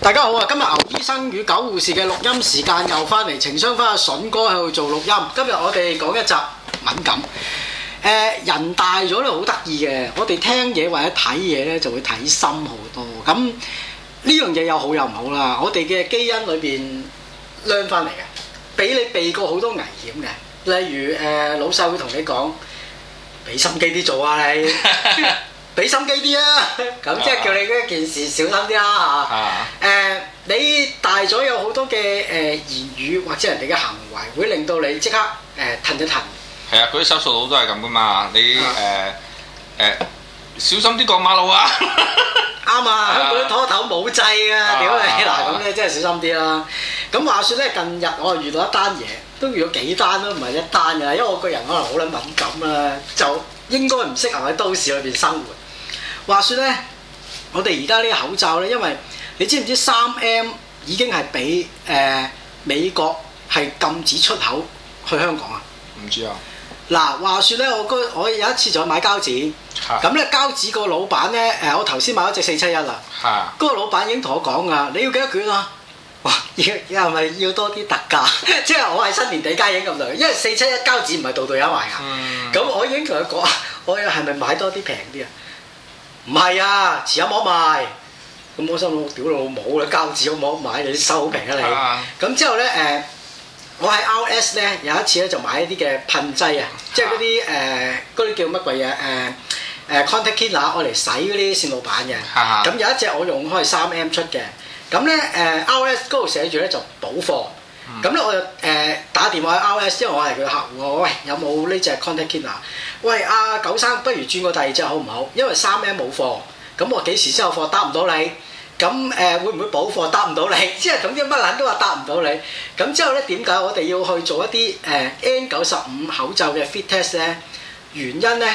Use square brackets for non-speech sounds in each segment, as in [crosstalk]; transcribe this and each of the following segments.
大家好啊！今日牛醫生與狗護士嘅錄音時間又翻嚟，情商翻阿筍哥喺度做錄音。今日我哋講一集敏感。呃、人大咗咧，好得意嘅。我哋聽嘢或者睇嘢呢，就會睇深好多。咁呢樣嘢有好有唔好啦。我哋嘅基因裏邊孭翻嚟嘅，俾你避過好多危險嘅。例如誒、呃，老細會同你講，俾心機啲做啊你。 [laughs] 俾心機啲啊！咁即係叫你嗰一件事小心啲啦嚇。誒、啊啊，你大咗有好多嘅誒言語或者人哋嘅行為，會令到你即刻誒騰一騰。係、呃、啊，啲收數佬都係咁噶嘛。你誒誒、啊呃啊、小心啲過馬路啊！啱啊， [laughs] 啊，香港啲拖頭冇制啊！屌你嗱咁咧，真係、啊啊、小心啲啦。咁話説咧，近日我又遇到一單嘢，都遇到幾單啦，唔係一單㗎。因為我個人可能好撚敏感啦，就應該唔適合喺都市裏邊生活。話說咧，我哋而家呢個口罩咧，因為你知唔知三 M 已經係俾誒美國係禁止出口去香港啊？唔知啊。嗱，話說咧，我我有一次就去買膠紙，咁咧的膠紙個老闆咧誒，我頭先買咗隻四七一啦，嗰的個老闆已經同我講啊，你要幾多卷啊？哇，要係咪要，要多啲特價？ [laughs] 即係我係新年底加影咁耐，因為四七一膠紙唔係度度有賣噶，咁、嗯、我已經同佢講啊，我係咪買多啲平啲啊？唔係啊，遲下冇得賣，咁我心諗屌老母啦，膠紙都冇得買，你收好平啊你。咁、啊、之後咧誒、呃，我喺 RS 咧有一次咧就買一啲嘅噴劑啊，即係嗰啲誒嗰啲叫乜鬼嘢誒誒 contact cleaner，我嚟洗嗰啲線路板嘅。咁、啊、有一隻我用開三 M 出嘅，咁咧誒 RS 嗰度寫住咧就補貨，咁咧、嗯、我就誒、呃、打電話去 RS，因為我係佢客戶喎，喂、哎、有冇呢隻 contact cleaner？喂，阿、啊、九生，不如轉個第二隻好唔好？因為三 M 冇貨，咁我幾時先有貨？答唔到你。咁誒、呃，會唔會補貨？答唔到你。 [laughs] 即係咁，即乜撚都話答唔到你。咁之後咧，點解我哋要去做一啲誒、呃、N 九十五口罩嘅 fit test 咧？原因咧，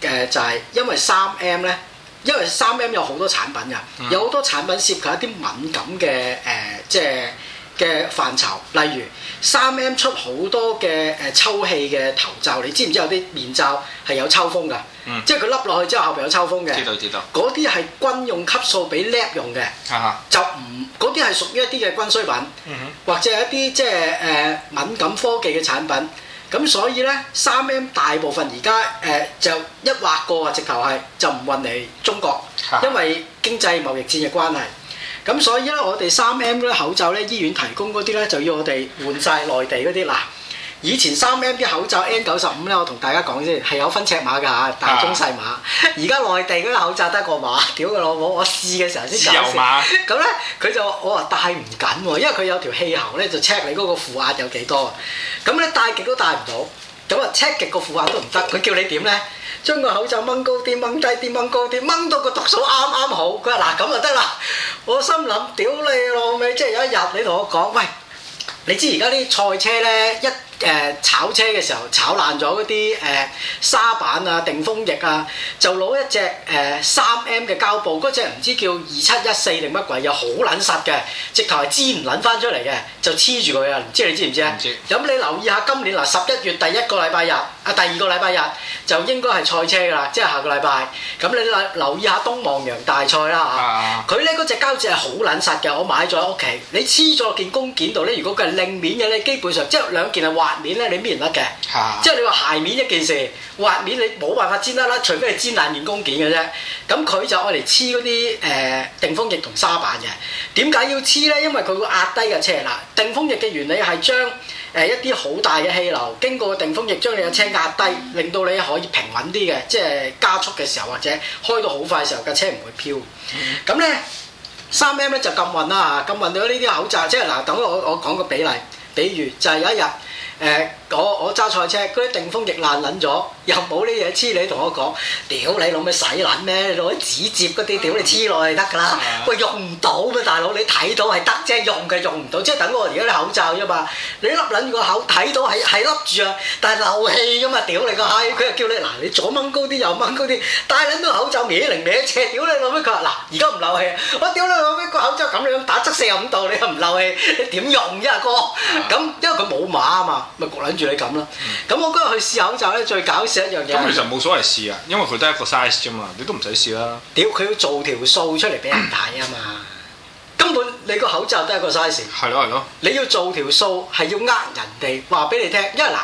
誒、呃、就係、是、因為三 M 咧，因為三 M 有好多產品㗎，有好多產品涉及一啲敏感嘅誒、呃，即係。嘅範疇，例如三 M 出好多嘅誒、呃、抽氣嘅頭罩，你知唔知有啲面罩係有抽風噶？嗯、即係佢笠落去之後，後邊有抽風嘅。知道知道。嗰啲係軍用級數，畀 lab 用嘅，就唔嗰啲係屬於一啲嘅軍需品，嗯、哼或者係一啲即係誒、呃、敏感科技嘅產品。咁所以呢，三 M 大部分而家誒就一劃過啊，直頭係就唔運嚟中國，啊、因為經濟貿易戰嘅關係。咁所以咧，我哋三 M 咧口罩咧，醫院提供嗰啲咧就要我哋換晒內地嗰啲啦。以前三 M 啲口罩 N 九十五咧，我同大家講先，係有分尺碼㗎嚇，大、中、細碼。而家的內地嗰個口罩得一個碼，屌佢老母，我試嘅時候先。四碼。咁咧，佢就我話戴唔緊喎，啊，因為佢有條氣喉咧，就 check 你嗰個負壓有幾多。咁咧，戴極都戴唔到，咁啊 check 極個負壓都唔得，佢叫你點咧？將個口罩掹高啲、掹低啲、掹高啲，掹到個毒素啱啱好。佢話：嗱，噉就得喇！我心諗屌你老味，即係有一日你同我講，喂，你知而家啲賽車咧一。誒炒車嘅時候炒爛咗嗰啲誒砂板啊、定風翼啊，就攞一隻誒三 M 嘅膠布，嗰隻唔知叫二七一四定乜鬼，又好撚實嘅，直頭係粘唔撚翻出嚟嘅，就黐住佢啊！唔知你知唔知咧？唔知。咁你留意下今年嗱十一月第一個禮拜日啊、呃，第二個禮拜日就應該係賽車噶啦，即係下個禮拜。咁你留意下東望洋大賽啦嚇。佢咧嗰隻膠紙係好撚實嘅，我買咗喺屋企。你黐咗件工件度咧，如果佢係另一面嘅咧，基本上即係兩件係壞。滑面咧，嗯、你搣唔甩嘅？即係你話鞋面一件事，滑面你冇辦法煎得甩，除非係煎爛面工件嘅啫。咁佢就愛嚟黐嗰啲誒定風翼同沙板嘅。點解要黐咧？因為佢會壓低架車啦。定風翼嘅原理係將誒一啲好大嘅氣流經過定風翼，將你嘅車壓低，嗯、令到你可以平穩啲嘅，即係加速嘅時候或者開到好快嘅時候，架車唔會飄。咁咧、嗯，三 M 咧就禁運啦吓，禁運到呢啲口罩，即係嗱，等於我我講個比例，比如就係有一日。誒、哎，我我揸賽車，嗰啲定風翼爛撚咗，又冇呢嘢黐你同我講，屌你攞咩洗撚咩？攞啲紙折嗰啲，屌你黐落去得㗎啦，嗯、喂用唔到咩大佬？你睇到係得啫，用嘅用唔到，即係等我而家啲口罩啫嘛。你笠撚個口睇到係係笠住啊，但係漏氣噶嘛？屌你個閪！佢、哎、又叫你嗱，你左掹高啲，右掹高啲，戴撚到口罩，歪零歪斜。屌你老味！佢話嗱，而家唔漏氣啊，我屌你老味個口罩咁樣打側四十五度，你又唔漏氣，你點用啫阿、啊、哥？咁因為佢冇碼啊嘛。咪焗撚住你咁咯！咁、嗯、我嗰日去試口罩咧，最搞笑一樣嘢。咁其實冇所謂試啊，因為佢都係一個 size 啫嘛，你都唔使試啦。屌，佢要做條數出嚟俾人睇啊嘛！嗯、根本你個口罩都係一個 size。係咯係咯。你要做條數係要呃人哋話俾你聽，因為嗱，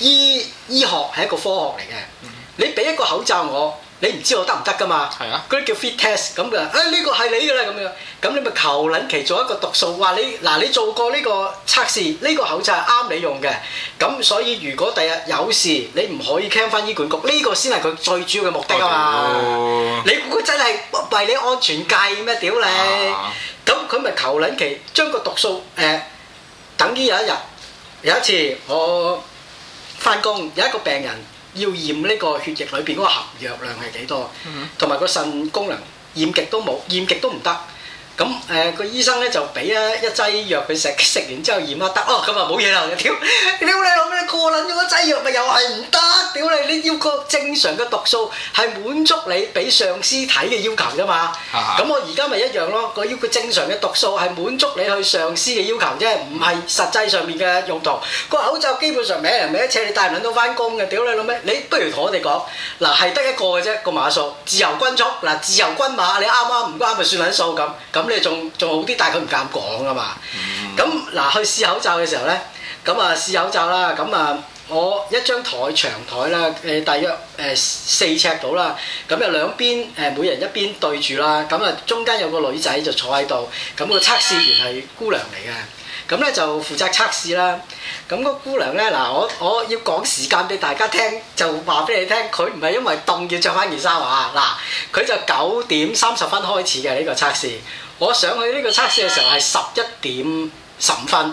醫醫學係一個科學嚟嘅。嗯、你俾一個口罩我。你唔知我得唔得噶嘛？係啊，嗰啲叫 fit test 咁嘅。誒呢個係你㗎啦咁樣，咁你咪求撚其做一個讀數，話你嗱你做過呢個測試，呢個口罩係啱你用嘅。咁所以如果第日有事，你唔可以 call 翻醫管局，呢個先係佢最主要嘅目的啊嘛。你估佢真係為你安全計咩？屌你！咁佢咪求撚其將個讀數誒，等於有一日有一次我翻工有一個病人。要驗呢個血液裏邊嗰個含藥量係幾多，同埋個腎功能驗極都冇，驗極都唔得。咁誒個醫生咧就俾一一劑藥佢食，食完之後二媽得哦，咁啊冇嘢啦。屌，屌你老味過撚咗劑藥咪又係唔得？屌你，你要個正常嘅毒素係滿足你俾上司睇嘅要求㗎嘛？咁我而家咪一樣咯，我要個正常嘅毒素係滿足你去上司嘅要求啫，唔係實際上面嘅用途。個口罩基本上孭人孭一斜，你戴唔撚到翻工嘅。屌你老味，你不如同我哋講，嗱係得一個嘅啫個碼數，自由均速嗱，自由均碼，你啱啱唔啱咪算撚數咁咁。咁咧仲仲好啲，但係佢唔夠膽講啊嘛。咁嗱、mm hmm.，去試口罩嘅時候咧，咁啊試口罩啦。咁啊，我一張枱長枱啦，誒、呃，大約誒四、呃、尺到啦。咁又兩邊誒、呃，每人一邊對住啦。咁啊，中間有個女仔就坐喺度。咁、那個測試員係姑娘嚟嘅。咁咧就負責測試啦。咁、那個姑娘咧，嗱，我我要講時間俾大家聽，就話俾你聽，佢唔係因為凍要着翻件衫啊。嗱，佢就九點三十分開始嘅呢、這個測試。我上去呢個測試嘅時候係十一點十五分，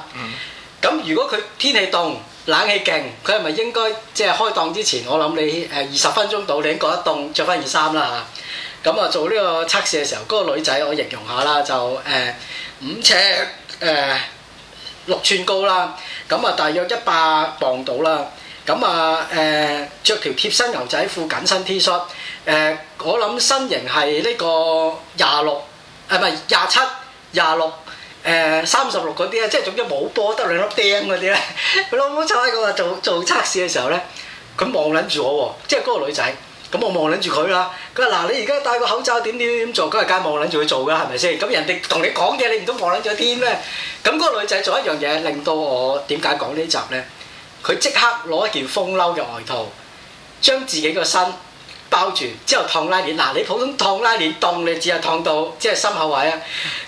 咁、嗯、如果佢天氣凍，冷氣勁，佢係咪應該即係開檔之前，我諗你誒二十分鐘到，你覺得凍，著翻件衫啦嚇。咁啊做呢個測試嘅時候，嗰、嗰個女仔我形容下啦，就誒五、呃、尺誒六、呃、寸高啦，咁、呃、啊大約一百磅到啦，咁啊誒著條貼身牛仔褲緊身 T 恤，誒、呃、我諗身形係呢個廿六。係咪廿七廿六？誒、呃、三十六嗰啲咧，即係總之冇波得兩粒釘嗰啲咧。佢老母測喺個做做測試嘅時候咧，佢望撚住我喎，即係嗰個女仔。咁我望撚住佢啦。佢話：嗱，你而家戴個口罩，點點點做，梗係間望撚住佢做㗎，係咪先？咁人哋同你講嘢，你唔通望撚住添咩？咁嗰個女仔做一樣嘢，令到我點解講呢集咧？佢即刻攞一件風褸嘅外套，將自己個身。包住之後燙拉鏈，嗱、啊、你普通燙拉鏈凍，你只係燙到即係心口位啊！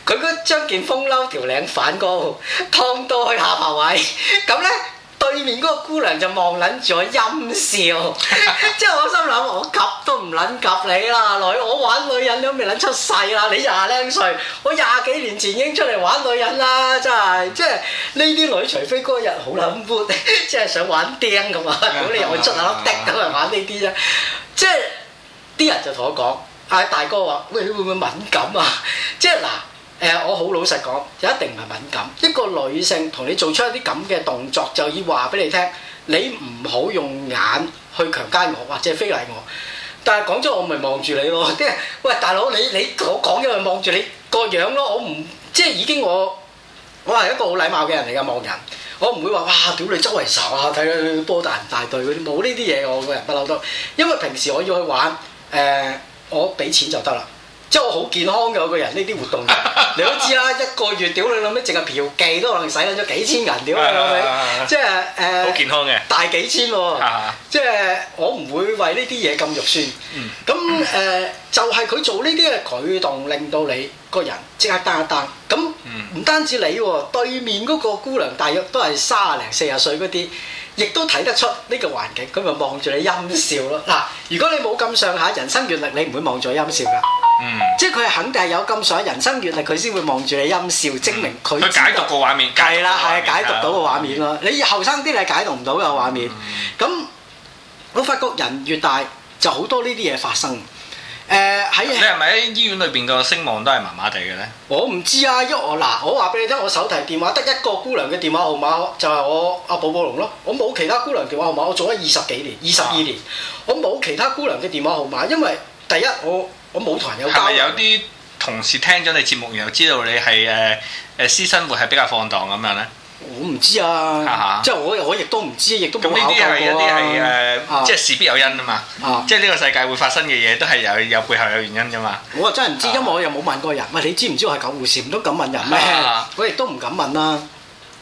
佢嗰，將件風褸條領反高，燙到去下巴位，咁咧。對面嗰個姑娘就望撚住我陰笑，即 [laughs] 係 [laughs] 我心諗，我及都唔撚及你啦，女我玩女人你都未撚出世啦，你廿零歲，我廿幾年前已經出嚟玩女人啦，真係即係呢啲女除非嗰日好撚 hot 即係想玩釘咁啊，咁你又會出下粒釘咁嚟玩呢啲啫，即係啲人就同我講，阿大哥話喂，會唔會敏感啊？即係嗱。誒、呃，我好老實講，一定唔係敏感。一個女性同你做出一啲咁嘅動作，就要話俾你聽，你唔好用眼去強姦我或者非禮我。但係講咗我唔係望住你咯，即、哎、係喂，大佬你你我講嘅係望住你個樣咯，我唔即係已經我我係一個好禮貌嘅人嚟噶望人，我唔會話哇，屌你周圍查下睇波大人大隊嗰啲冇呢啲嘢，我個人不嬲都。因為平時我要去玩，誒、呃，我俾錢就得啦。即係我好健康嘅我個人呢啲活動，你都知啦，一個月屌你老味，淨係嫖妓都可能使緊咗幾千銀屌啊，係咪？ [laughs] 即係嘅，好健康大幾千喎、哦， [laughs] 即係我唔會為呢啲嘢咁肉酸。咁誒、嗯呃，就係、是、佢做呢啲嘅舉動，令到你個人即刻單一單。咁唔單止你喎、哦，對面嗰個姑娘，大約都係三十零四十歲嗰啲。亦都睇得出呢、這個環境，佢咪望住你陰笑咯。嗱，如果你冇咁上下人生閱歷，你唔會望住陰笑噶。嗯、即係佢肯定係有咁上下人生閱歷，佢先會望住你陰笑，證明佢。佢解讀個畫面係啦，係解讀到個畫面咯。你後生啲你解讀唔到個畫面。咁、嗯嗯、我發覺人越大就好多呢啲嘢發生。誒喺、呃、你係咪醫院裏邊個聲望都係麻麻地嘅咧？我唔知啊，因為我嗱，我話俾你聽，我手提電話得一個姑娘嘅電話號碼，就係、是、我阿布布龍咯。我冇其他姑娘電話號碼，我做咗二十幾年，二十二年，啊、我冇其他姑娘嘅電話號碼，因為第一我我冇同人有交往。係咪有啲同事聽咗你節目，然後知道你係誒誒私生活係比較放蕩咁樣咧？我唔知啊，uh huh. 即係我我亦都唔知，亦都冇考過咁，呢啲係有啲係誒，即係事必有因啊嘛，uh huh. 即係呢個世界會發生嘅嘢都係有有背後有原因㗎嘛。Uh huh. 我真係唔知，因為我又冇問過人。唔你知唔知我係救護士，唔都敢問人咩？Uh huh. 我亦都唔敢問啦、啊。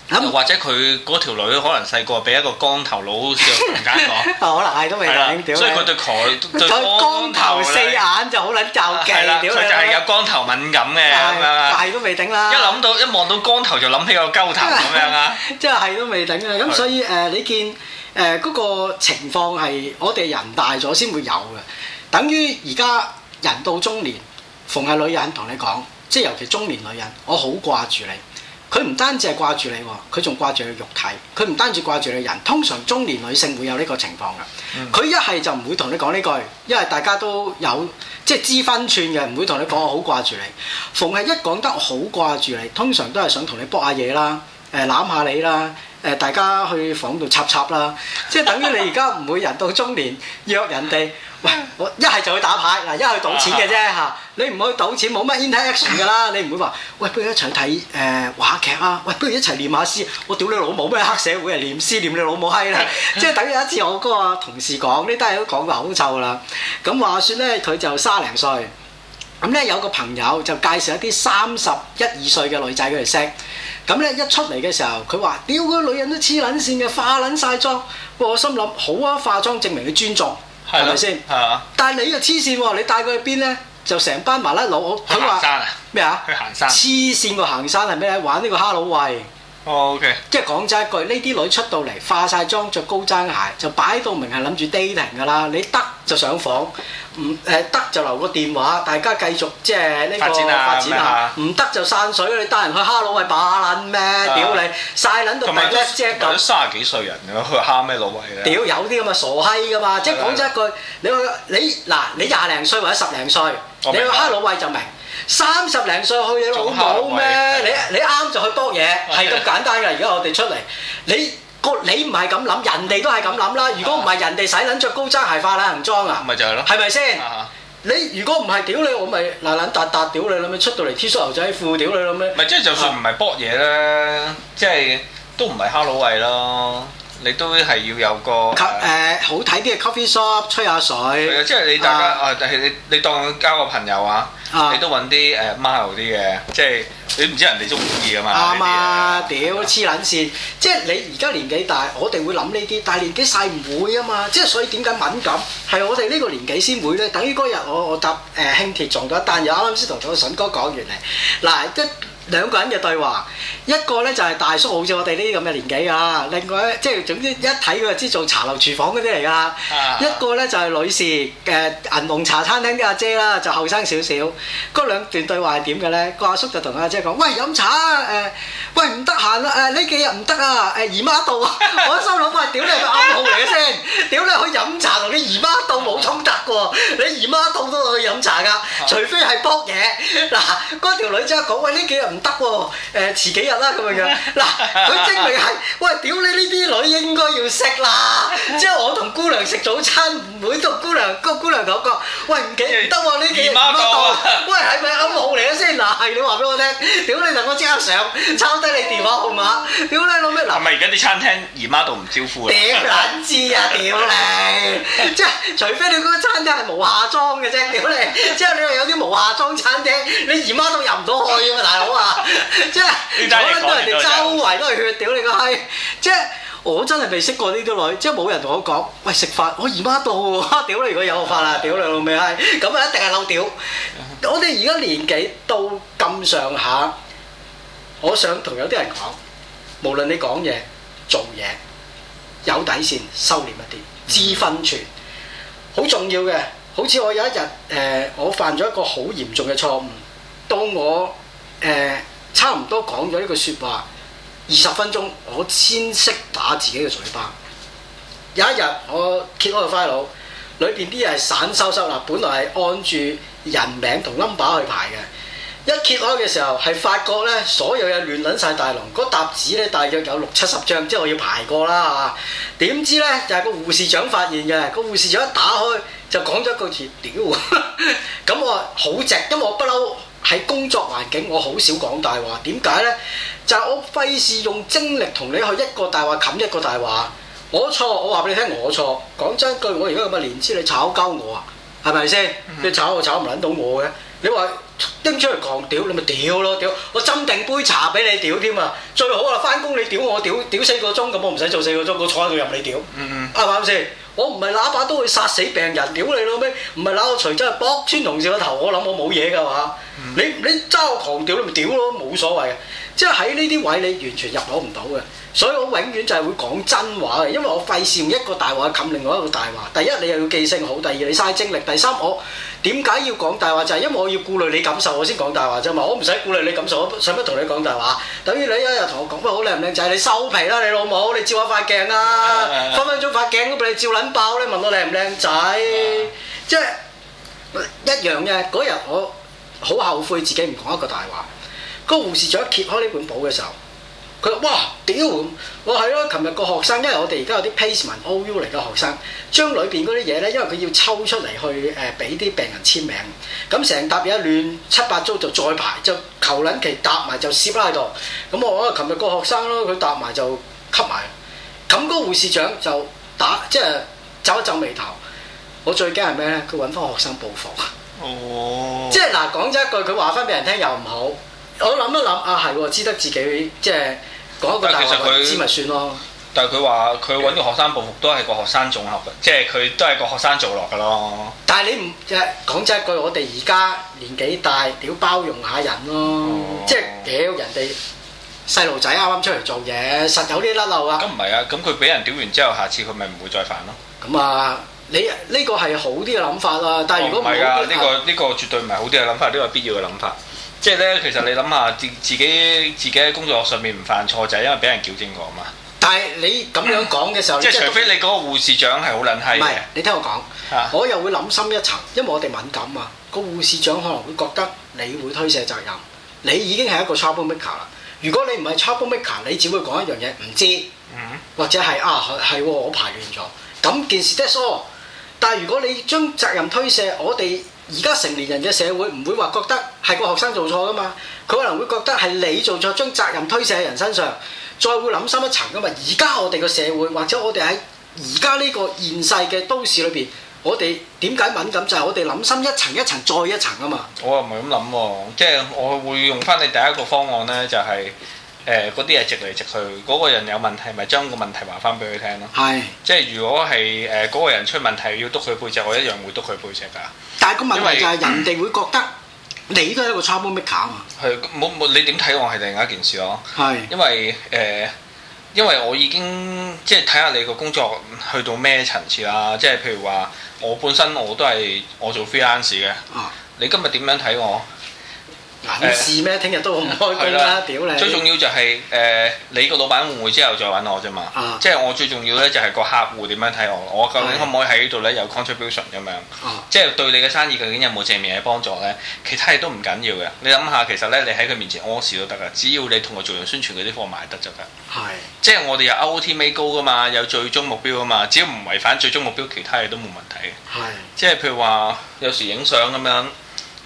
咁或者佢嗰條女可能細個俾一個光頭佬嘅老人家講，可能係都未頂，所以佢對佢光，頭光頭四眼就好撚皺嘅，佢的就係有光頭敏感嘅，大都但但未頂啦。一諗到一望到光頭就諗起個鳩頭咁 [laughs] 樣啊，即係係都未頂啦。咁的所以誒、呃，你見誒嗰、呃那個情況係我哋人大咗先會有嘅，等於而家人到中年，逢係女人同你講，即係尤其中年女人，我好掛住你。佢唔單止係掛住你，佢仲掛住你肉體。佢唔單止掛住你人，通常中年女性會有呢個情況㗎。佢一係就唔會同你講呢句，因為大家都有即係知分寸嘅，唔會同你講我好掛住你。逢係一講得好掛住你，通常都係想同你搏下嘢啦，誒、呃、攬下你啦。誒，大家去房度插插啦，即係等於你而家唔會人到中年約人哋， [laughs] 喂，我一係就去打牌，嗱，一係去賭錢嘅啫嚇，你唔去賭錢冇乜 interaction 㗎啦，你唔會話，喂，不如一齊睇誒話劇啊，喂，不如一齊唸下詩，我屌你老母，咩黑社會啊，念詩念你老母閪啦， [laughs] 即係等於有一次我嗰個同事講，呢單嘢都講到口臭啦，咁話説呢，佢就三零歲。咁咧、嗯、有個朋友就介紹一啲三十一二歲嘅女仔畀佢識，咁咧一出嚟嘅時候，佢話，屌嗰女人都黐撚線嘅，化撚晒妝。我心諗好啊，化妝證明佢尊重，係咪先？係啊。但係你又黐線喎，你帶佢去邊呢？就成班麻甩佬，佢話咩啊？去行山。黐線個行山係咩？玩呢個哈佬喂。哦、oh，OK。即係講真一句，呢啲女出到嚟化晒妝、着高踭鞋，就擺到明係諗住 dating 噶啦。你得就上房。唔誒得就留個電話，大家繼續即係呢個發展啊！發展啊！唔得就散水啦！你帶人去蝦老位把撚咩？屌你曬撚到第隻腳！三十幾歲人㗎去蝦咩老位咧？屌有啲咁嘅傻閪㗎嘛！即係講真一句，你去你嗱你廿零歲或者十零歲，你去蝦老位就明。三十零歲去你老母咩？你你啱就去搏嘢，係咁簡單㗎。而家我哋出嚟，你。你唔係咁諗，人哋都係咁諗啦。啊、如果唔係人哋使撚着高踭鞋化懶人妝啊？咪就係咯，係咪先？你如果唔係，屌你我咪邋邋遢遢，屌你諗咩出到嚟 T 恤牛仔褲，屌你諗咩？咪、嗯、即係就算唔係搏嘢啦，即係都唔係 hello 喂咯，你都係要有個誒好睇啲嘅 coffee shop 吹下水。即係你大家誒，但係你你當交個朋友啊。你都揾啲誒貓啲嘅，即係你唔知人哋中唔中意啊嘛？啱啊！屌黐撚線，即係你而家年紀大，我哋會諗呢啲，但係年紀細唔會啊嘛。即係所以點解敏感係、嗯、我哋呢個年紀先會咧？等於嗰日我我搭誒、呃、輕鐵撞咗一單，又啱啱先同咗個筍哥講完嚟嗱，即兩個人嘅對話，一個呢就係大叔，好似我哋呢啲咁嘅年紀啊。另外咧，即係總之一睇佢就知做茶樓廚房嗰啲嚟噶。 [music] 一個呢就係女士，誒銀龍茶餐廳啲阿姐啦，就後生少少。嗰兩段對話係點嘅呢？個阿叔就同阿姐講：喂，飲茶啊、呃！喂，唔得閒啦！誒、呃，呢幾日唔得啊！誒、呃，姨媽到啊！我一心諗啊，屌 [laughs] 你係暗號嚟嘅先，屌你去飲茶同你姨媽到冇衝突嘅、啊、喎，你姨媽到都去飲茶㗎，除非係搏嘢。嗱，嗰條女即刻講：喂，呢幾日。唔得喎，誒遲幾日啦咁樣樣。嗱，佢證明係，喂，屌你呢啲女應該要識啦。即係我同姑娘食早餐，唔會同姑娘個姑娘講講，喂，唔得喎，呢幾唔啱道。喂係咪暗號嚟啊先？嗱係你話俾我聽，屌你同我即刻上，抄低你電話號碼。屌你老咩？係咪而家啲餐廳姨媽度唔招呼咧？點撚知啊？屌你！即係除非你嗰個餐廳係無下裝嘅啫，屌你！即係你又有啲無下裝餐廳，你姨媽都入唔到去喎，大佬啊！ [laughs] 即係可能都人哋周圍都係血，屌你個閪！即係我真係未識過呢啲女，即係冇人同我講，喂食飯我姨媽到屌你，如果有飯啦，屌你老味閪，咁啊一定係漏屌！ [laughs] 我哋而家年紀到咁上下，我想同有啲人講，無論你講嘢、做嘢，有底線、收斂一啲、知分寸，好重要嘅。好似我有一日誒、呃，我犯咗一個好嚴重嘅錯誤，當我。誒差唔多講咗一句説話，二十分鐘我先識打自己嘅嘴巴。有一日我揭開個 file，裏邊啲嘢係散收收嗱，本來係按住人名同 number 去排嘅。一揭開嘅時候係發覺呢所有嘢亂撚晒大龍。嗰沓紙呢大約有六七十張，即係我要排過啦嚇。點知呢，就係個護士長發現嘅，個護士長一打開就講咗句字，屌！咁 [laughs] 我好直，因為我不嬲。喺工作環境我，我好少講大話。點解呢？就係、我費事用精力同你去一個大話冚一個大話。我錯，我話俾你聽，我錯。講真句，我而家有乜年資，你炒鳩我啊？係咪先？你炒我、mm hmm. 你炒唔撚到我嘅？你話？拎出嚟狂屌你咪屌咯屌！我斟定杯茶俾你屌添啊！最好啊，翻工你屌我屌，屌四個鐘咁，我唔使做四個鐘，我坐喺度任你屌，嗯嗯，啱唔啱先？我唔係攬把刀去殺死病人屌你老尾，唔係攬個錘真係搏穿同事個頭，我諗我冇嘢㗎嘛？你你揸我狂屌你咪屌咯，冇所謂嘅。即係喺呢啲位你完全入攞唔到嘅，所以我永遠就係會講真話嘅，因為我費事用一個大話冚另外一個大話。第一你又要記性好，第二你嘥精力，第三我點解要講大話就係、是、因為我要顧慮你。感受我先講大話啫嘛，我唔使顧慮你感受我，我使乜同你講大話？等於你一日同我講乜好靚唔靚仔，你收皮啦你老母，你照下塊鏡啦、啊，分分鐘塊鏡都俾你照撚爆，你問我靚唔靚仔，的即係一樣嘅。嗰日我好後悔自己唔講一個大話。個護士長揭開呢本簿嘅時候。佢話：哇屌！我係咯，琴日個學生，因為我哋而家有啲 placement OU 嚟嘅學生，將裏邊嗰啲嘢咧，因為佢要抽出嚟去誒俾啲病人簽名。咁成沓嘢亂七八糟就再排，就求撚其搭埋就攝拉度。咁我啊，琴日個學生咯，佢搭埋就吸埋。咁嗰個護士長就打，即係皺一皺眉頭。我最驚係咩咧？佢揾翻個學生報復。哦、oh.。即係嗱，講咗一句，佢話翻俾人聽又唔好。我諗一諗，啊係，知得自己即係。但其實佢，知咪算咯，但係佢話佢揾個學生報復，就是、都係個學生綜合嘅，即係佢都係個學生做落嘅咯。但係你唔即係講真一句，我哋而家年紀大，屌包容下人咯，哦、即係屌人哋細路仔啱啱出嚟做嘢，實有啲甩漏啊。咁唔係啊，咁佢俾人屌完之後，下次佢咪唔會再犯咯。咁啊，你呢、這個係好啲嘅諗法啦、啊。但係如果唔係、哦、啊，呢、啊，這個呢、這個絕對唔係好啲嘅諗法，呢個必要嘅諗法。即係咧，其實你諗下，自己自己自己喺工作上面唔犯錯，就係因為俾人糾正過啊嘛。但係你咁樣講嘅時候，嗯、即係除非你嗰個護士長係好撚係。唔係，你聽我講，啊、我又會諗深一層，因為我哋敏感啊。個護士長可能會覺得你會推卸責任，你已經係一個 troublemaker 啦。如果你唔係 troublemaker，你只會講一樣嘢，唔知，嗯、或者係啊係我排完咗，咁件事得咗。All，但係如果你將責任推卸，我哋。而家成年人嘅社會唔會話覺得係個學生做錯噶嘛，佢可能會覺得係你做錯，將責任推卸喺人身上，再會諗深一層噶嘛。而家我哋個社會或者我哋喺而家呢個現世嘅都市裏邊，我哋點解敏感就係我哋諗深一層、一層再一層啊嘛。我又唔係咁諗喎，即係我會用翻你第一個方案呢，就係。誒嗰啲嘢直嚟直去，嗰、嗰個人有問題，咪將個問題話翻俾佢聽咯。係是，即係如果係誒嗰個人出問題，要督佢背脊，我一樣會督佢背脊㗎。但係個問題就係為為人哋會覺得你都係一個 charmer maker 啊嘛。係，冇冇你點睇我係另一件事咯。係是，因為誒、呃，因為我已經即係睇下你個工作去到咩層次啦。即係譬如話，我本身我都係我做 freelance 嘅。嗯、你今日點樣睇我？有事咩？聽日都唔開佢啦、啊！的屌你！最重要就係誒你個老闆會唔會之後再揾我啫嘛？啊、即係我最重要呢，就係個客戶點樣睇我，的我究竟可唔可以喺呢度呢？有 contribution 咁樣？啊、即係對你嘅生意究竟有冇正面嘅幫助呢？其他嘢都唔緊要嘅。你諗下，其實呢，你喺佢面前屙屎都得噶，只要你同佢做完宣傳，嗰啲貨賣得就得。係。即係我哋有 OTM 高噶嘛，有最終目標噶嘛，只要唔違反最終目標，其他嘢都冇問題嘅。的的即係譬如話，有時影相咁樣。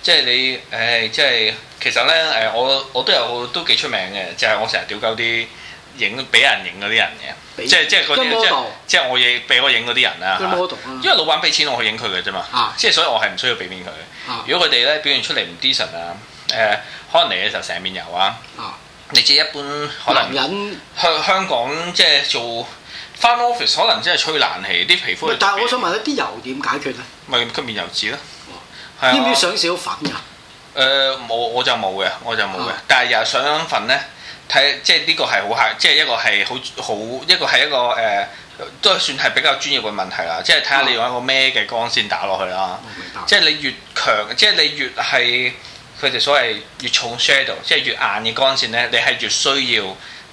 即係你，誒、哎，即係其實咧，誒，我我都有我都幾出名嘅，就係、是、我成日屌鳩啲影俾人影嗰啲人嘅，被即係即係啲即係即係我嘢俾我影嗰啲人啊。因為老闆俾錢我去影佢嘅啫嘛，啊、即係所以我係唔需要俾面佢。啊、如果佢哋咧表現出嚟唔 decent 啊，誒、呃，可能嚟嘅時候成面油啊，你自己一般男人香香港即係做翻 office 可能真係吹冷氣啲皮膚，但係我想問一啲油點解決咧？咪吸面油紙啦。要唔要上少粉噶？誒、呃，我我就冇嘅，我就冇嘅。啊、但係又上粉咧，睇即係呢個係好客，即係、就是、一個係好好一個係一個誒、呃，都算係比較專業嘅問題啦。即係睇下你用一個咩嘅光線打落去啦。啊、即係你越強，即係你越係佢哋所謂越重 shadow，即係越硬嘅光線咧，你係越需要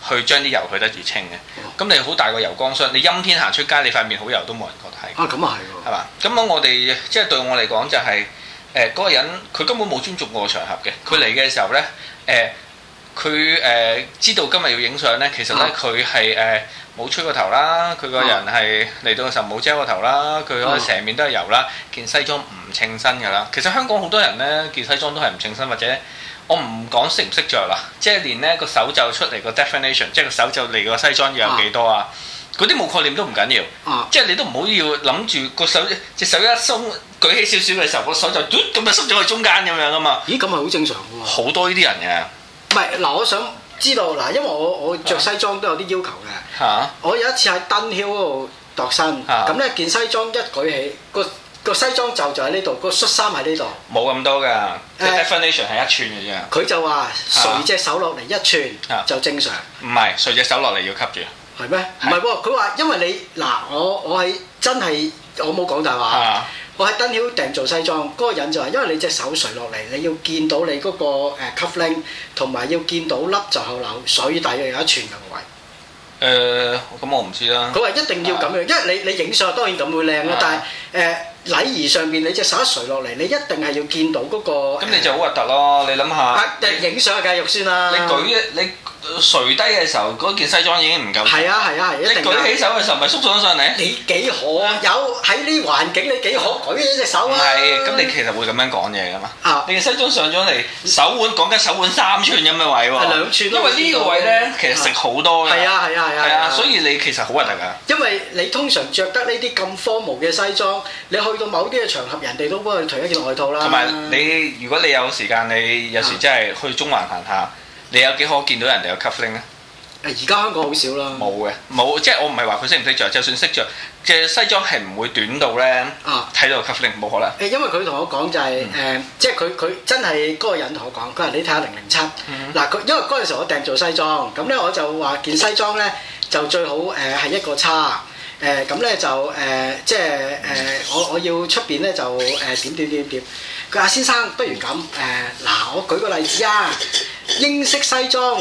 去將啲油去得越清嘅。咁、啊、你好大個油光箱，你陰天行出街，你塊面好油都冇人覺得係、啊。啊，咁啊係係嘛？咁我哋即係對我嚟講就係、是。誒嗰、呃嗰個人佢根本冇尊重我個場合嘅，佢嚟嘅時候呢，誒佢誒知道今日要影相呢，其實呢，佢係誒冇吹過頭啦，佢個人係嚟到嘅時候冇遮過頭個頭啦，佢成面都係油啦，件西裝唔襯身㗎啦。其實香港好多人呢，件西裝都係唔襯身或者我唔講識唔識着啦，即係連呢個手袖出嚟個 definition，即係個手袖嚟個西裝要有幾多啊？嗰啲冇概念都唔緊要，啊、即係你都唔好要諗住個手隻手一鬆舉起少少嘅時候，個手就咁、呃、就縮咗去中間咁樣噶嘛。咦？咁係好正常喎。好多呢啲人嘅。唔係嗱，我想知道嗱，因為我我著西裝都有啲要求嘅。嚇、啊！我有一次喺丹丘嗰度度身，咁咧件西裝一舉起，個個西裝袖就喺呢度，個恤衫喺呢度。冇咁多㗎，definition 係一寸嘅啫。佢、呃、就話垂隻手落嚟一寸就正常。唔係、啊，垂、啊、隻、啊啊、手落嚟要吸住。係咩？唔係喎，佢話因為你嗱，我我係真係我冇講大話，我喺鄧曉訂做西裝，嗰個人就話因為你隻手垂落嚟，你要見到你嗰個誒 cufflink，同埋要見到粒就後樓，所以大約有一寸嘅位。誒，咁我唔知啦。佢話一定要咁樣，因為你你影相當然咁會靚啦，但係誒禮儀上面你隻手一垂落嚟，你一定係要見到嗰個。咁你就好核突咯，你諗下。啊，即係影相繼續先啦。你舉一你。垂低嘅時候，嗰件西裝已經唔夠。係啊係啊係！你舉起手嘅時候，咪縮咗上嚟。你幾可？有喺呢環境，你幾可舉起隻手。唔係，咁你其實會咁樣講嘢噶嘛？啊！你件西裝上咗嚟，手腕講緊手腕三寸咁嘅位喎。係兩寸都冇喎。因為呢個位咧，其實食好多嘅。係啊係啊係啊！係啊，所以你其實好核突噶。因為你通常着得呢啲咁荒謬嘅西裝，你去到某啲嘅場合，人哋都幫你除一件外套啦。同埋你，如果你有時間，你有時真係去中環行下。你有幾可見到人哋有 cutting 咧？誒，而家香港好少啦。冇嘅，冇，即係我唔係話佢識唔識着，就算識著，隻西裝係唔會短到咧。啊，睇到 cutting 冇可能。誒，因為佢同我講就係、是、誒、嗯呃，即係佢佢真係嗰個人同我講，佢話你睇下零零七。嗱，佢因為嗰陣時我訂做西裝，咁咧我就話件西裝咧就最好誒係一個叉誒，咁咧就誒、呃呃、即係誒我我要出邊咧就誒點點點點。呃呃呃呃呃 [laughs] 佢阿先生不如咁，誒、呃、嗱，我舉個例子啊，英式西裝，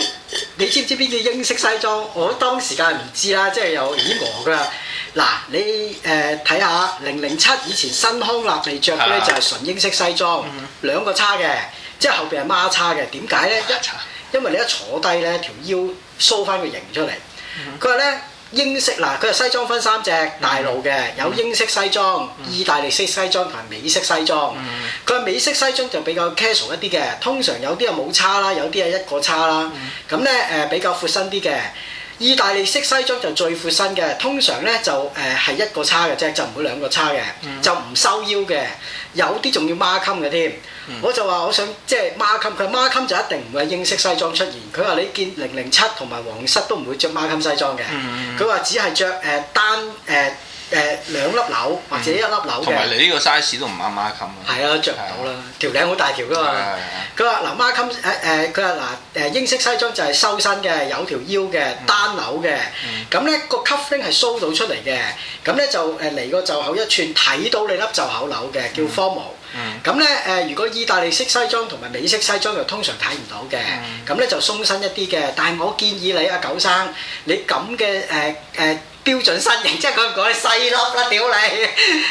你知唔知邊叫英式西裝？我當時梗係唔知啦，即係有耳熟能詳啦。嗱，你誒睇下零零七以前新康納利着嘅咧，就係純英式西裝，兩、嗯、哼個叉嘅，即係後邊係孖叉嘅。點解呢？嗯、哼一，因為你一坐低、嗯、哼呢，條腰收翻個型出嚟。佢話呢。英式，嗱，佢話西裝分三隻，大陸嘅、mm hmm. 有英式西裝、意大利式西裝同埋美式西裝。佢話美式西裝就比較 casual 一啲嘅，通常有啲係冇叉啦，有啲係一個叉啦。咁咧誒比較闊身啲嘅，意大利式西裝就最闊身嘅。通常咧就誒係一個叉嘅啫，mm hmm. 就唔會兩個叉嘅，就唔收腰嘅，有啲仲要孖襟嘅添。我就話我想即係孖襟，佢孖襟就一定唔會英式西裝出現。佢話你見零零七同埋皇室都唔會着孖襟西裝嘅。佢話、嗯、只係着誒單誒誒兩粒紐或者一粒紐，同埋你呢個 size 都唔啱孖襟。係啊，着唔到啦，條領好大條噶嘛。佢話嗱孖襟誒誒，佢話嗱誒英式西裝就係修身嘅，有條腰嘅單紐嘅。咁咧、嗯嗯這個 cuffing 係 show 到出嚟嘅。咁咧就誒嚟個袖口一寸睇到你粒袖口紐嘅，叫 formal、嗯。咁咧誒，如果意大利式西裝同埋美式西裝又通常睇唔到嘅，咁咧就鬆身一啲嘅。但係我建議你阿九生，你咁嘅誒誒標準身形，即係佢講細粒啦屌你！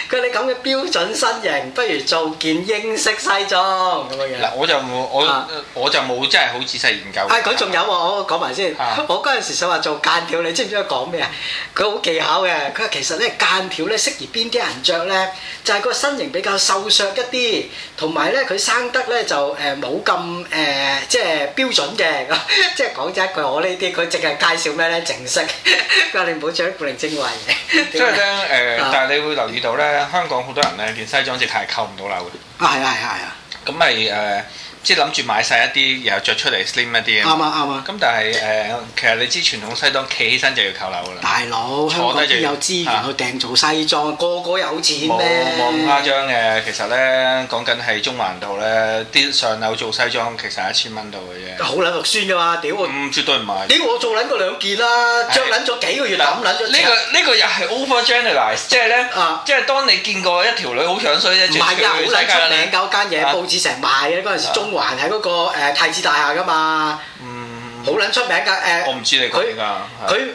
佢你咁嘅標準身形，不如做件英式西裝咁嘅樣。嗱，我就冇我我就冇真係好仔細研究。啊，佢仲有我講埋先，我嗰陣時想話做間條，你知唔知佢講咩啊？佢好技巧嘅，佢話其實咧間條咧適宜邊啲人著咧，就係個身形比較瘦削一啲，同埋咧佢生得咧就誒冇咁誒，即係標準嘅。即係講真一句，我呢啲佢淨係介紹咩咧，正式，佢 [laughs] 話你唔好着布靈精華。即係咧誒，呃啊、但係你會留意到咧，香港好多人咧件西裝直頭係扣唔到紐嘅。啊，係啊，係啊，係啊。咁咪誒。即係諗住買晒一啲，然後着出嚟 slim 一啲。啱啊啱啊！咁但係誒，其實你知傳統西裝企起身就要扣樓噶啦。大佬，香港有資源去訂做西裝，個個有錢咩？冇咁誇張嘅，其實咧講緊係中環度咧，啲上樓做西裝其實一千蚊度嘅啫。好撚肉酸㗎嘛，屌！唔，絕對唔係。屌，我做撚過兩件啦，着撚咗幾個月，抌撚咗。呢個呢個又係 overgeneralize，即係咧，即係當你見過一條女好樣衰啫，唔係㗎，好撚出名㗎嗰間嘢，報紙成日賣嘅嗰陣時中。還喺嗰個太子大廈㗎嘛，好撚、嗯、出名㗎誒，佢佢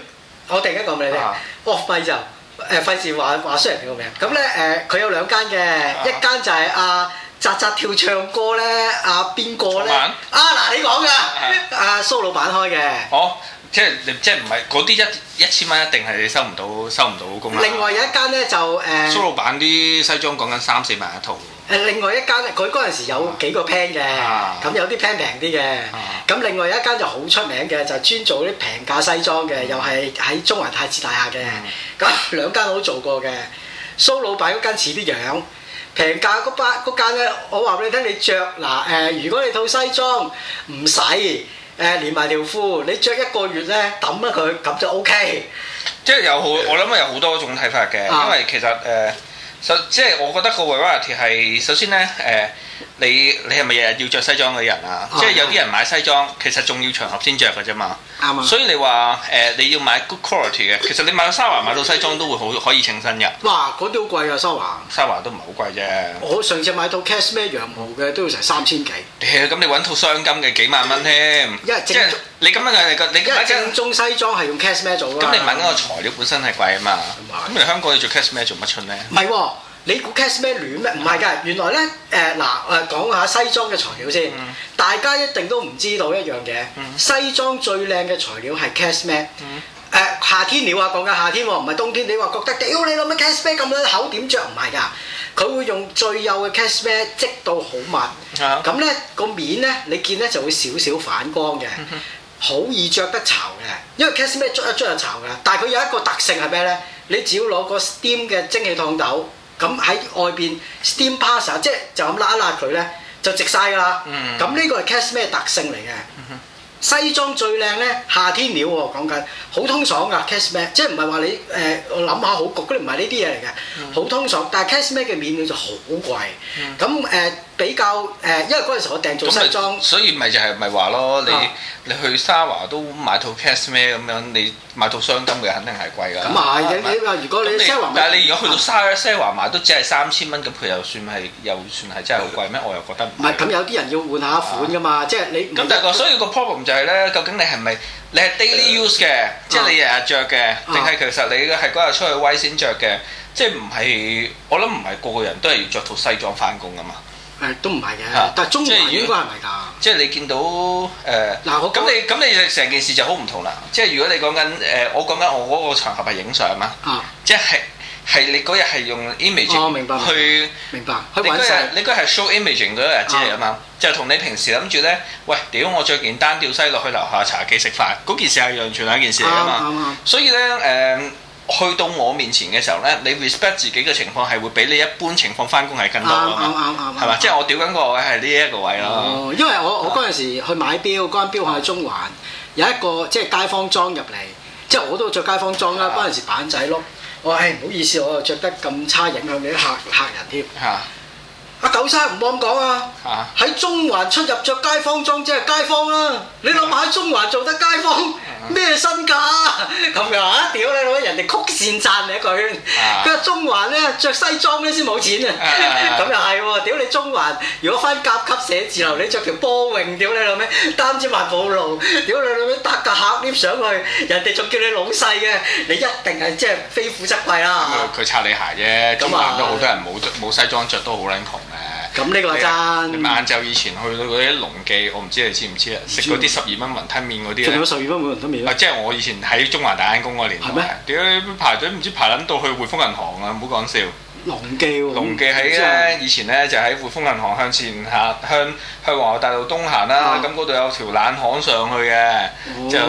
我突然間講俾你聽 o f 費就誒費事話話衰人個名，咁咧誒佢有兩間嘅，的一間就係阿扎扎跳唱歌咧，阿邊個咧？阿嗱盤、啊、你講㗎，阿的、啊、蘇老闆開嘅。哦。即係你即係唔係嗰啲一一千蚊一定係你收唔到收唔到工啦。另外有一間咧就誒，呃、蘇老闆啲西裝講緊三四萬一套。誒另外一間，佢嗰陣時有幾個 plan 嘅，咁、啊、有啲 plan 平啲嘅。咁、啊、另外有一間就好出名嘅，就專做啲平價西裝嘅，嗯、又係喺中華太子大廈嘅。咁、嗯、兩間我都做過嘅。 [laughs] 蘇老闆嗰間似啲樣，平價嗰班嗰間咧，我話俾你聽，你着嗱誒，如果你套西裝唔使。誒、呃、連埋條褲，你着一個月呢，揼咗佢，咁就 OK。即係有好，我諗有好多種睇法嘅，嗯、因為其實誒。呃即係我覺得個 quality 係首先咧，誒，你你係咪日日要着西裝嘅人啊？是是人啊，即係有啲人買西裝，其實仲要場合先着嘅啫嘛。啱，所以你話誒、呃、你要買 good quality 嘅，其實你買到沙華買到西裝都會好可以稱身嘅。哇！嗰啲好貴啊，沙華沙華都唔係好貴啫。我到 anything，上次買套 cashmere 羊毛嘅都要成三千幾。咁你揾套雙金嘅幾萬蚊添。因為正宗，你咁樣嚟你買正宗西裝係用 cashmere 做㗎，咁你買嗰個材料本身係貴啊嘛。咁你香港你做 cashmere 做乜春咧？唔係喎。你估 cashmere 暖咩？唔係㗎，原來咧誒嗱誒講下西裝嘅材料先。嗯、大家一定都唔知道一樣嘢。嗯、西裝最靚嘅材料係 cashmere、嗯呃、夏天了啊，講緊夏天喎，唔係冬天。你話覺得屌、哎、你攞咩 cashmere 咁樣口點着，唔係㗎，佢會用最幼嘅 cashmere 織到好密咁咧，個面咧，你見咧就會少少反光嘅，好、嗯、易着得潮嘅。因為 cashmere 著一著就潮㗎，但係佢有一個特性係咩咧？你只要攞個 steam 嘅蒸氣燙斗。咁喺外邊 steam p a s s 啊，即係就咁拉一拉佢咧，就直晒㗎啦。咁呢、嗯、個係 c a s h m e r e 特性嚟嘅。嗯、哼西裝最靚咧，夏天料喎、哦，講緊好通爽㗎 c a s h m e r e 即係唔係話你誒、呃、我諗下好焗嗰啲，唔係呢啲嘢嚟嘅，好、嗯、通爽。但係 c a s h m e r e 嘅面料就好貴。咁誒、嗯。嗯比較誒，因為嗰陣時我訂做西裝，所以咪就係咪話咯，你你去沙華都買套 cashmere 咁樣，你買套雙金嘅肯定係貴㗎。咁啊係嘅，你話如果你但係你如果去到沙華，沙華買都只係三千蚊，咁佢又算係又算係真係好貴咩？我又覺得唔係咁，有啲人要換下款㗎嘛，即係你咁但係個所以個 problem 就係咧，究竟你係咪你係 daily use 嘅，即係你日日着嘅，定係其實你係嗰日出去威先着嘅？即係唔係我諗唔係個個人都係要着套西裝返工㗎嘛？誒都唔係嘅，但係中華應該係唔係㗎。即係你見到誒，嗱咁你咁你成件事就好唔同啦。即係如果你講緊誒，我講緊我嗰個場合係影相嘛，即係係你嗰日係用 image 去明白，去揾曬。你嗰日你嗰日係 show image 嗰日之嚟啊嘛，就同你平時諗住咧，喂屌我著件單吊西落去樓下茶記食飯，嗰件事係完全另一件事嚟啊嘛。所以咧誒。去到我面前嘅時候咧，你 respect 自己嘅情況係會比你一般情況翻工係更多咯。啱啱啱啱。係嘛？即係吧對我屌緊個位係呢一個位咯。哦、嗯，因為我、啊、我嗰陣時去買表，嗰間表行喺中環，有一個即係、就是、街坊裝入嚟，即係我都着街坊裝啦。嗰陣、啊、時板仔咯。我話唔、哎、好意思，我又著得咁差，影響你啲客客人添。嚇、啊！阿九生唔好咁講啊！喺中環出入着街坊裝即係街坊啦。你諗下喺中環做得街坊咩身價？咁樣啊？屌你老味！人哋曲線讚你一句。佢話中環咧着西裝咧先冇錢啊！咁又係喎？屌你中環！如果翻甲級寫字樓，你着條波泳，屌你老味，擔支萬寶路，屌你老味搭架客 lift 上去，人哋仲叫你老細嘅，你一定係即係非富則貴啦。佢擦你鞋啫，中環都好多人冇冇西裝着都好撚窮。咁呢個真。晏晝以前去到嗰啲龍記，我唔知你知唔知啦，食嗰啲十二蚊雲吞麵嗰啲。仲有十二蚊雲吞麵、啊、即係我以前喺中華打緊工嗰年代。係咩嗎？點解你排隊唔知排撚到去匯豐銀行啊？唔好講笑。龍記喎，龍記喺咧，以前咧就喺匯豐銀行向前行，向向皇后大道東行啦。咁嗰度有條冷巷上去嘅，就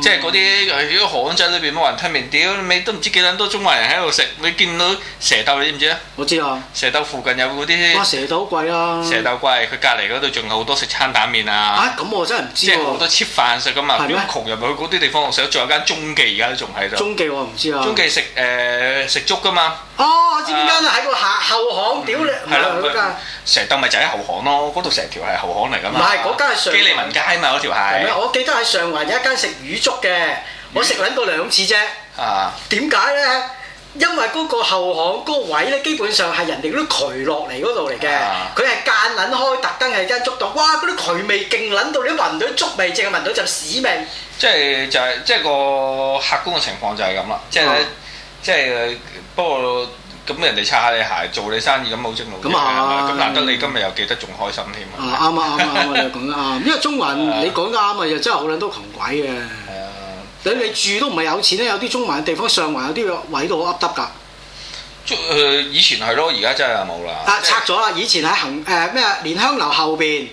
即係嗰啲嗰啲巷仔裏邊乜雲吞麵，屌你都唔知幾撚多中華人喺度食。你見到蛇豆你知唔知啊？我知啊，蛇豆附近有嗰啲。哇！蛇豆好貴啊！蛇豆貴，佢隔離嗰度仲有好多食餐蛋麵啊！啊！咁我真係唔知，即係好多切飯食㗎嘛！咁窮入去嗰啲地方食？仲有間中記，而家都仲喺度。中記我唔知啊。中記食誒食粥㗎嘛。哦，我知邊間喺個後後巷，屌你，唔係嗰間。成竇咪就喺後巷咯，嗰度成條係後巷嚟噶嘛。唔係，嗰間係上環機利文街嘛，嗰條係。唔係，我記得喺上環有一間食魚粥嘅，我食撚過兩次啫。啊。點解咧？因為嗰個後巷嗰個位咧，基本上係人哋嗰啲渠落嚟嗰度嚟嘅，佢係間撚開，特登係間粥檔。哇！嗰啲渠味勁撚到，你聞到啲粥味，淨係聞到陣屎味。即係就係即係個客觀嘅情況就係咁啦，即係即係，不過咁人哋拆下你鞋做你生意咁冇正路嘅，咁、啊、難得你今日又記得仲開心添啊！啱啊，啱啊，我講得啱。啊啊啊、 [laughs] 因為中環你講得啱啊，又、嗯啊、真係好撚都窮鬼嘅。你、啊、你住都唔係有錢咧，有啲中環地方，上環有啲位到好噏得㗎。誒以前係咯，而家真係冇啦。啊，拆咗啦！以前喺恆誒咩蓮香樓後邊。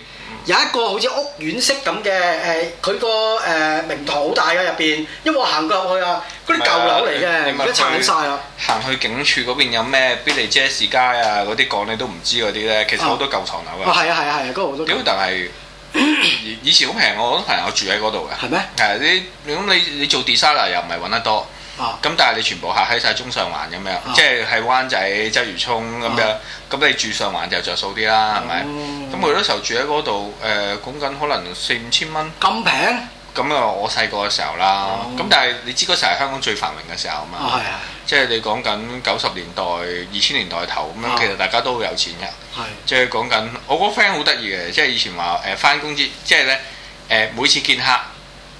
有一個好似屋苑式咁嘅，誒，佢個誒名堂好大嘅入邊，因為我行過入去啊，嗰啲舊樓嚟嘅，而家拆晒啊。行去警署嗰邊有咩必列者士街？啊嗰啲講你都唔知嗰啲咧，其實好多舊唐樓，樓啊。哦，係啊，係啊，係啊，嗰度好多。屌、那個，但係是 [laughs] 以前好平，我嗰啲朋友住喺嗰度嘅。係咩嗎？係、啊、你咁你你做 designer 又唔係揾得多？啊！咁但係你全部下喺晒中上環咁樣，即係喺灣仔、鰂魚涌咁樣，咁你住上環就着數啲啦，係咪？咁佢嗰時候住喺嗰度，誒講緊可能四五千蚊。咁平？咁啊，我細個嘅時候啦，咁但係你知嗰時候係香港最繁榮嘅時候啊嘛。啊，係啊！即係你講緊九十年代、二千年代頭咁樣，其實大家都好有錢嘅。係。即係講緊，我個 friend 好得意嘅，即係以前話誒翻工之，即係咧誒每次見客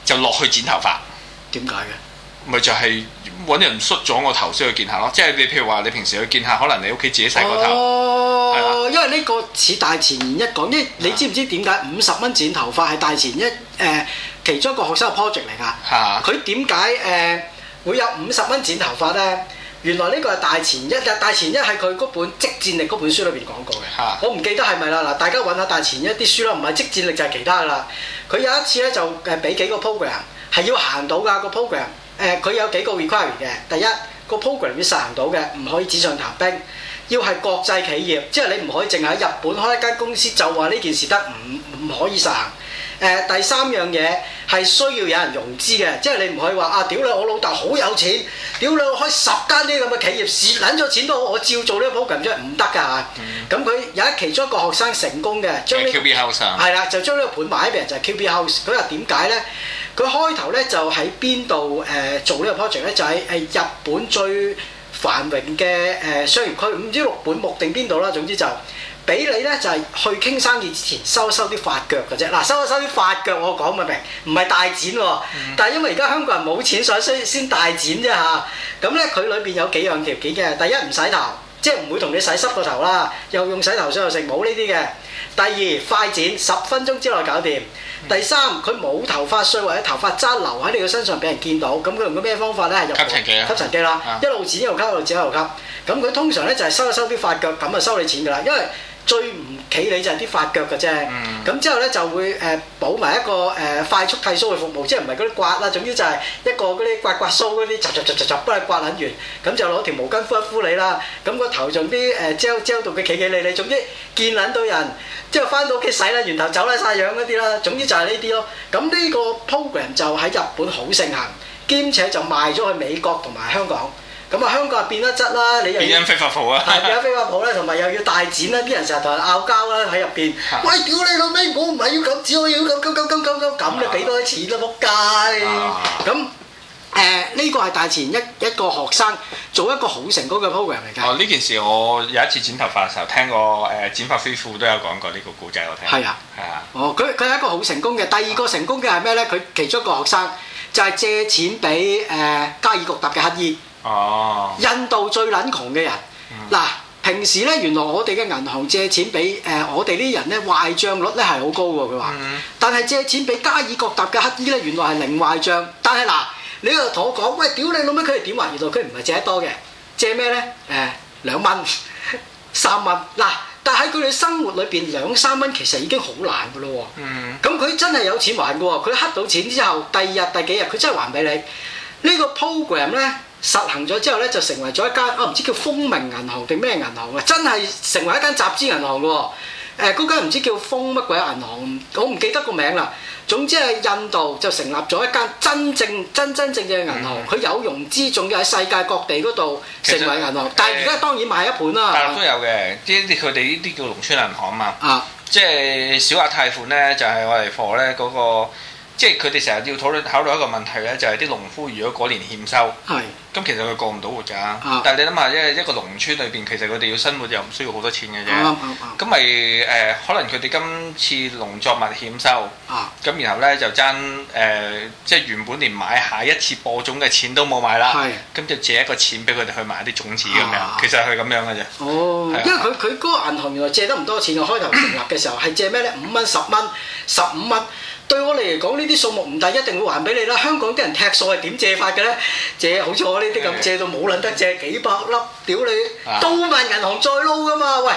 就落去剪頭髮。點解嘅？咪就係揾人縮咗我頭先去見下咯，即係你譬如話，你平時去見下，可能你屋企自己洗個頭，哦，因為呢個似大前一講，咦、呃？你知唔知點解五十蚊剪頭髮係大前一誒其中一個學生嘅 project 嚟㗎？嚇、啊！佢點解誒會有五十蚊剪頭髮咧？原來呢個係大前一嘅大前一係佢嗰本《即戰力》嗰本書裏邊講過嘅。嚇、啊！我唔記得係咪啦嗱，大家揾下大前一啲書啦，唔係《即戰力》就係其他㗎啦。佢有一次咧就誒俾幾個 program 係要行到㗎、嗰個 program。誒，佢、呃、有幾個 requirement 嘅，第一個 program 要實行到嘅，唔可以紙上談兵。要係國際企業，即係你唔可以淨喺日本開一間公司就話呢件事得，唔、唔可以實行。誒、呃、第三樣嘢係需要有人融資嘅，即係你唔可以話啊！屌你，我老豆好有錢，屌你，我開十間呢啲咁嘅企業，蝕撚咗錢都好，我照做呢個 project 唔得㗎嚇。咁佢、嗯、有一其中一個學生成功嘅，將啲係啦，就將呢個盤賣俾人就係、是、QB House。佢話點解咧？佢開頭咧就喺邊度誒做呢個 project 咧？就喺誒、就是、日本最繁榮嘅誒商業區，唔知六本木定邊度啦。總之就。俾你咧就係去傾生意之前收一收啲髮腳嘅啫，嗱，收一收啲髮腳我講明唔係大剪喎，但係因為而家香港人冇錢所以先大剪啫吓，咁咧佢裏邊有幾樣條件嘅，第一唔洗頭，即係唔會同你洗濕個頭啦，又用洗頭水又食冇呢啲嘅。第二快剪，十分鐘之內搞掂。第三佢冇頭髮碎或者頭髮渣留喺你嘅身上俾人見到，咁佢用個咩方法咧？吸塵機，吸塵機啦對，一路剪一路吸，一路剪一路吸。咁佢通常咧就係收一收啲髮腳，咁啊收你錢㗎啦，因為。最唔企你就係啲發腳嘅啫，咁之後呢就會誒補埋一個誒快速剃鬚嘅服務，即係唔係嗰啲刮啦，總之就係一個嗰啲刮刮鬚嗰啲，扎扎扎扎扎幫你刮撚完，咁就攞條毛巾敷一敷你啦，咁個頭仲啲誒 gel gel 到佢企企俐俐，總之見撚到人，之後翻到屋企洗啦，完頭走啦曬樣嗰啲啦，總之就係呢啲咯。咁呢個 program 就喺日本好盛行，兼且就賣咗去美國同埋香港。咁啊！香港啊，變咗質啦，你又變咗飛髮鋪啊，係變咗飛髮鋪咧，同埋又要大剪啦，啲人成日同人拗交啦喺入邊。面 [laughs] 喂，屌你老尾！我唔係要咁隻，我要咁咁咁咁咁咁咁咁啦，俾多啲錢啦？仆街！咁誒呢個係大前一一個學生做一個好成功嘅 program 嚟㗎。哦，呢件事我有一次剪頭髮嘅時候聽過誒、呃，剪髮飛虎都有講過呢個故仔，我聽係啊係啊。啊 [laughs] 哦，佢佢係一個好成功嘅第二個成功嘅係咩咧？佢其中一個學生就係、就是、借錢俾誒、呃呃呃、加爾各答嘅乞衣。哦、印度最撚窮嘅人，嗱、嗯，平時呢，原來我哋嘅銀行借錢俾誒、呃、我哋啲人咧，壞賬率呢係好高喎。佢話，嗯、但係借錢俾加爾各達嘅乞兒呢，原來係零壞賬。但係嗱，你又同我講，喂，屌你老味，佢係點還？原來佢唔係借得多嘅，借咩呢？誒、呃，兩蚊、三蚊嗱。但係喺佢哋生活裏邊，兩三蚊其實已經好難噶咯。嗯。咁佢、嗯、真係有錢還嘅喎，佢乞到錢之後，第二日、第幾日，佢真係還俾你。呢、呢個 program 呢。嗯實行咗之後咧，就成為咗一間我唔知叫豐明銀行定咩銀行嘅、啊，真係成為一間集資銀行嘅、哦。誒、呃，嗰間唔知叫豐乜鬼銀行，我唔記得個名啦。總之係印度就成立咗一間真正真真正正嘅銀行，佢、嗯嗯、有融資，仲要喺世界各地嗰度成為銀行。呃、但係而家當然買一盤啦、啊。大陸都有嘅，啲佢哋呢啲叫農村銀行啊嘛。啊，即係小額貸款呢，就係、是、我哋貨呢嗰、那個。即係佢哋成日要討論考慮一個問題咧，就係、是、啲農夫如果嗰年欠收，咁是其實佢過唔到活㗎。啊、但係你諗下，一一個農村裏邊，其實佢哋要生活又唔需要好多錢嘅啫。咁咪誒，可能佢哋今次農作物欠收，咁、啊、然後咧就爭誒、呃，即係原本連買下一次播種嘅錢都冇買啦。咁是、嗯、就借一個錢俾佢哋去買啲種子咁樣。啊、其實係咁樣嘅啫。哦、的因為佢佢嗰個銀行原來借得唔多錢嘅， [laughs] 開頭成立嘅時候係借咩咧？五蚊、十蚊、十五蚊。對我嚟講，呢啲數目唔大，一定會還俾你啦。香港啲人踢數係點借法嘅呢？借好似我呢啲咁，欸、借到冇撚得，借幾百粒屌你，啊、都問銀行再撈噶嘛？喂，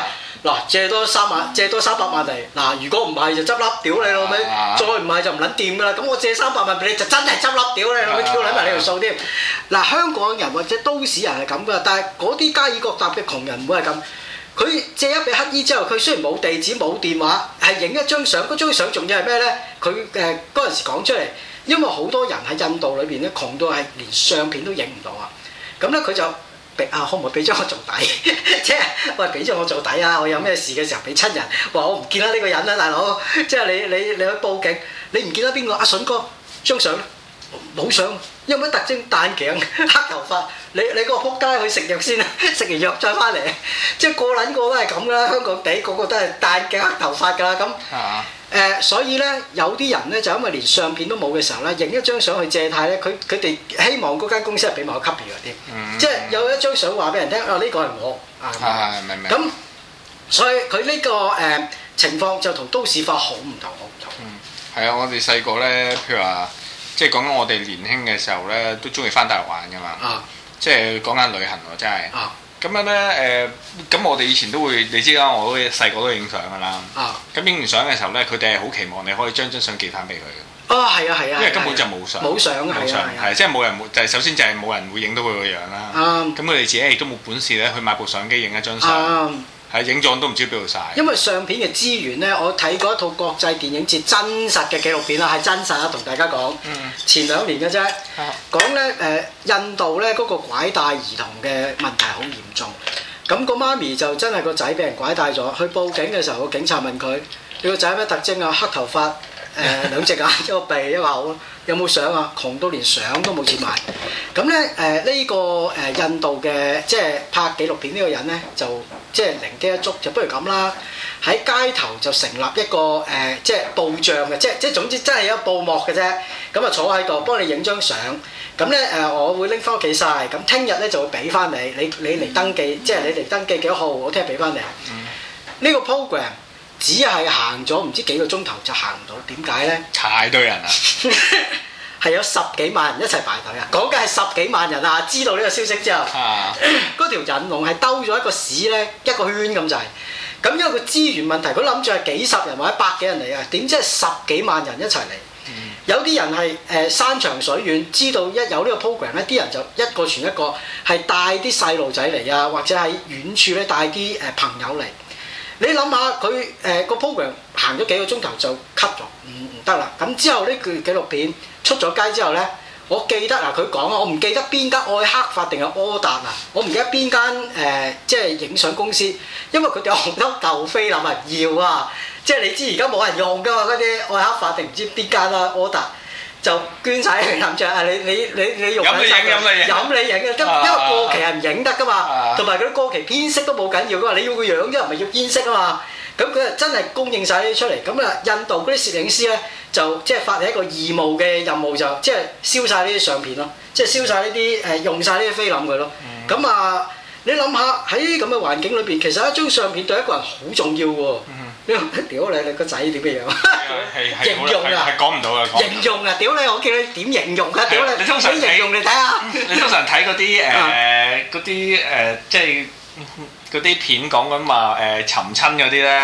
嗱，借多三萬，借多三百萬嚟。嗱，如果唔係就執笠屌你老味，啊、再唔係就唔撚掂噶啦。咁我借三百萬俾你就真係執笠屌你老味，跳撚埋你，啊、你條數添。嗱、啊，香港人或者都市人係咁噶，但係嗰啲加爾各答嘅窮人唔會係咁。佢借一俾乞衣之後，佢雖然冇地址冇電話，係影一張相。嗰張相仲要係咩呢？佢誒嗰陣時講出嚟，因為好多人喺印度裏邊咧窮到係連相片都影唔到啊！咁呢，佢就俾啊，可唔可以俾張我做底？即係喂，俾張我做底啊！我有咩事嘅時候俾親人話我唔見啦呢個人啦，大佬！即係你你去報警，你唔見啦邊個阿筍哥張相。冇相，有咩特徵？戴眼鏡、黑頭髮，你你個撲街去食藥先啦，食完藥再翻嚟，即係過撚個都係咁噶啦，香港地個個都係戴鏡、黑頭髮噶啦咁。啊！誒，所以咧，有啲人咧就因為連相片都冇嘅時候咧，影一張相去借貸咧，佢佢哋希望嗰間公司係俾埋個 copy 嗰啲，即係有一張相話俾人聽，哦呢個係我啊。係係，明明。咁所以佢呢個誒情況就同都市化好唔同，好唔同。嗯，係啊！我哋細個咧，譬如話。即係講緊我哋年輕嘅時候咧，都中意翻大陸玩㗎嘛。啊、即係講緊旅行喎，真係。咁、啊、樣咧，誒、呃，咁我哋以前都會，你知啦，我細個都影相㗎啦。咁影完相嘅時候咧，佢哋係好期望你可以將張相寄返俾佢哦，係啊，係啊，啊因為根本就冇相，冇相、啊，冇相係即係冇人，就係、是、首先就係冇人會影到佢個樣啦。咁佢哋自己亦都冇本事咧，去買部相機影一張相。係影像都唔知邊度曬。因為相片嘅資源呢，我睇過一套國際電影節真實嘅紀錄片啦，係真實啊，同大家講。前兩年嘅啫，講呢誒，印度呢嗰個拐帶兒童嘅問題好嚴重。咁、那個媽咪就真係個仔俾人拐帶咗，去報警嘅時候，個警察問佢：你個仔有咩特徵啊？黑頭髮。誒兩隻啊，一個鼻一個口，有冇相啊？窮到連相都冇錢買，咁咧誒呢、這個誒印度嘅即係拍紀錄片呢個人咧，就即係靈機一觸，就不如咁啦，喺街頭就成立一個誒即係布帳嘅，即即總之真係有布幕嘅啫，咁啊坐喺度幫你影張相，咁咧誒我會拎翻屋企晒。咁聽日咧就會俾翻你，你你嚟登記，即係、嗯、你嚟登記幾多號，我聽日俾翻你。呢、嗯、個 program。只係行咗唔知幾個鐘頭就行唔到，點解呢？太多人啦，係 [laughs] 有十幾萬人一齊排隊啊！講緊係十幾萬人啊，知道呢個消息之後，嗰、啊、 [laughs] 條人龍係兜咗一個市呢，一個圈咁就係。咁因為個資源問題，佢諗住係幾十人或者百幾人嚟啊，點知係十幾萬人一齊嚟？嗯、有啲人係誒山長水遠，知道一有呢個 program 咧，啲人就一個傳一個，係帶啲細路仔嚟啊，或者喺遠處咧帶啲誒朋友嚟。你諗下佢誒、呃、個 program 行咗幾個鐘頭就 cut 咗，唔唔得啦。咁之後呢，佢紀錄片出咗街之後呢，我記得啊，佢講啊，我唔記得邊間愛克發定係柯達啊，我唔記得邊間誒即係影相公司，因為佢哋有好多菲林，諗啊要啊，即係你知而家冇人用㗎嘛，嗰啲愛克發定唔知邊間啊柯達。就捐晒俾林像啊！你你你你用唔用？飲你影飲因因為過期係唔影得噶嘛。同埋佢啲過期編色都冇緊要，噶嘛。你要個樣啫，唔係要編色啊嘛。咁佢就真係供應曬啲出嚟，咁啊，印度嗰啲攝影師咧就即係發起一個義務嘅任務，就即係燒晒呢啲相片咯，即係燒晒呢啲誒用晒呢啲菲林佢咯。咁啊、嗯，你諗下喺咁嘅環境裏邊，其實一張相片對一個人好重要喎。嗯屌你！你個仔點嘅樣？形容啊，講唔到啊！形容啊，屌你！我叫你點形容啊！屌你！你通常形容你睇下。你通常睇嗰啲誒嗰啲誒即係嗰啲片講緊話誒尋親嗰啲咧，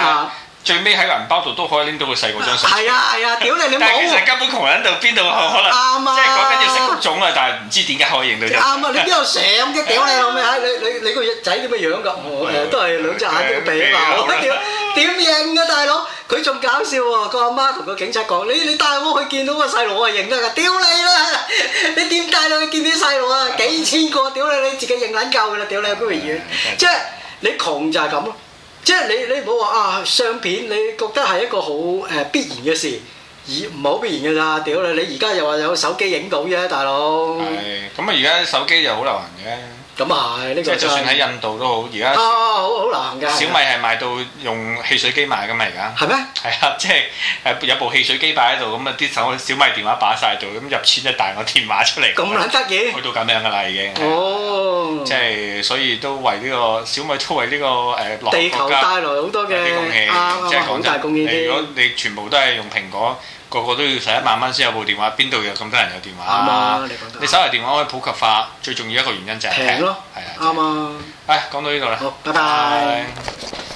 最尾喺個銀包度都可以拎到個細個張相。係啊係啊，屌你！你冇。但根本窮人度，邊度可能？啱啊！即係講緊要食穀種啊，但係唔知點解可以認到。啱啊！你邊度想啫？屌你！你你你個仔點嘅樣㗎？我都係兩隻眼一條鼻啊！嘛。點認啊大佬？佢仲搞笑喎！個阿媽同個警察講：你你帶我去見到個細路，我係認得㗎。屌你啦！你點帶路去見啲細路啊？幾千個，屌你！你自己認撚夠㗎啦！屌你咁嘅嘢，即係你窮就係咁咯。即係你你唔好話啊相片，你覺得係一個好誒必然嘅事，而唔係好必然㗎咋？屌你！你而家又話有手機影到啫，大佬。係咁啊！而家手機又好流行嘅。咁係，呢個就算喺印度都好，而家啊，好好難嘅。小米係賣到用汽水機賣嘅嘛，而家係咩？係啊，即係誒有部汽水機擺喺度，咁啊啲手小米電話擺晒度，咁入錢就彈我電話出嚟。咁撚得意去到咁樣㗎啦，已經哦。即係所以都為呢個小米都為呢個誒國家帶來好多嘅空氣，即啊！廣大貢獻如果你全部都係用蘋果，個個都要使一萬蚊先有部電話，邊度有咁多人有電話啊？你,你手提電話可以普及化，最重要一個原因就係平咯。係啊，啱啊。停啊哎，講到呢度啦。好，拜拜。拜拜